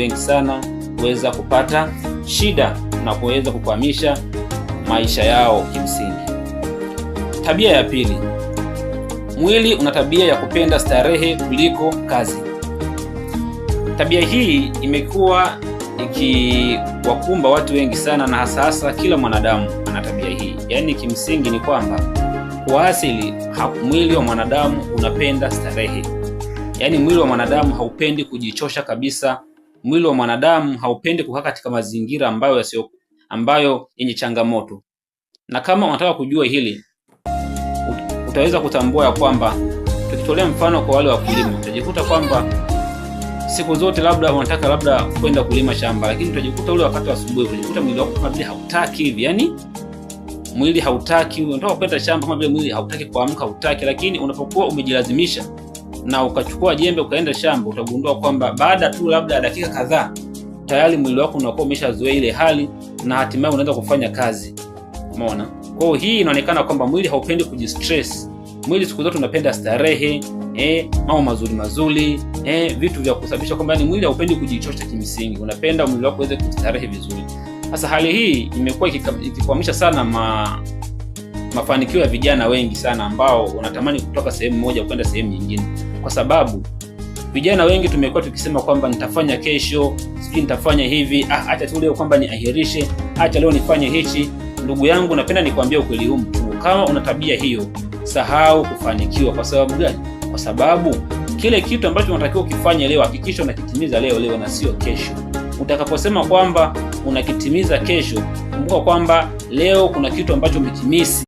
wengi sana kuweza kupata shida na kuweza kukwamisha maisha yao kimsingi. Tabia ya pili, mwili una tabia ya kupenda starehe kuliko kazi. Tabia hii imekuwa ikiwakumba watu wengi sana, na hasa hasa kila mwanadamu ana tabia hii. Yaani kimsingi ni kwamba kwa asili mwili wa mwanadamu unapenda starehe, yaani mwili wa mwanadamu haupendi kujichosha kabisa Mwili wa mwanadamu haupendi kukaa katika mazingira ambayo yasiyo ambayo yenye changamoto, na kama unataka kujua hili utaweza kutambua ya kwamba tukitolea mfano kwa wale wakulima, utajikuta kwamba siku zote labda unataka labda kwenda kulima shamba, lakini utajikuta ule wakati wa asubuhi, utajikuta mwili wako kama vile hautaki hivi, yani mwili hautaki, unataka kwenda shamba kama vile mwili hautaki kuamka, hautaki, lakini unapokuwa umejilazimisha na ukachukua jembe ukaenda shamba, utagundua kwamba baada tu labda ya dakika kadhaa tayari mwili wako unakuwa umeshazoea ile hali na hatimaye unaweza kufanya kazi. Umeona? Kwa hiyo hii inaonekana kwamba mwili haupendi kujistress. Mwili siku zote unapenda starehe, eh, mambo mazuri mazuri, eh, vitu vya kusababisha kwamba ni mwili haupendi kujichosha kimsingi. Unapenda mwili wako uweze kustarehe vizuri. Sasa hali hii imekuwa ikikwamisha sana ma mafanikio ya vijana wengi sana ambao wanatamani kutoka sehemu moja kwenda sehemu nyingine, kwa sababu vijana wengi tumekuwa tukisema kwamba nitafanya kesho, sijui nitafanya hivi, ah, acha tu leo kwamba niahirishe, acha leo nifanye hichi. Ndugu yangu, napenda nikwambie ukweli huu mtu, kama una tabia hiyo, sahau kufanikiwa. Kwa sababu gani? Kwa sababu kile kitu ambacho unatakiwa ukifanye leo, hakikisha unakitimiza leo leo na sio kesho. Utakaposema kwamba unakitimiza kesho, kumbuka kwamba leo kuna kitu ambacho umekimisi.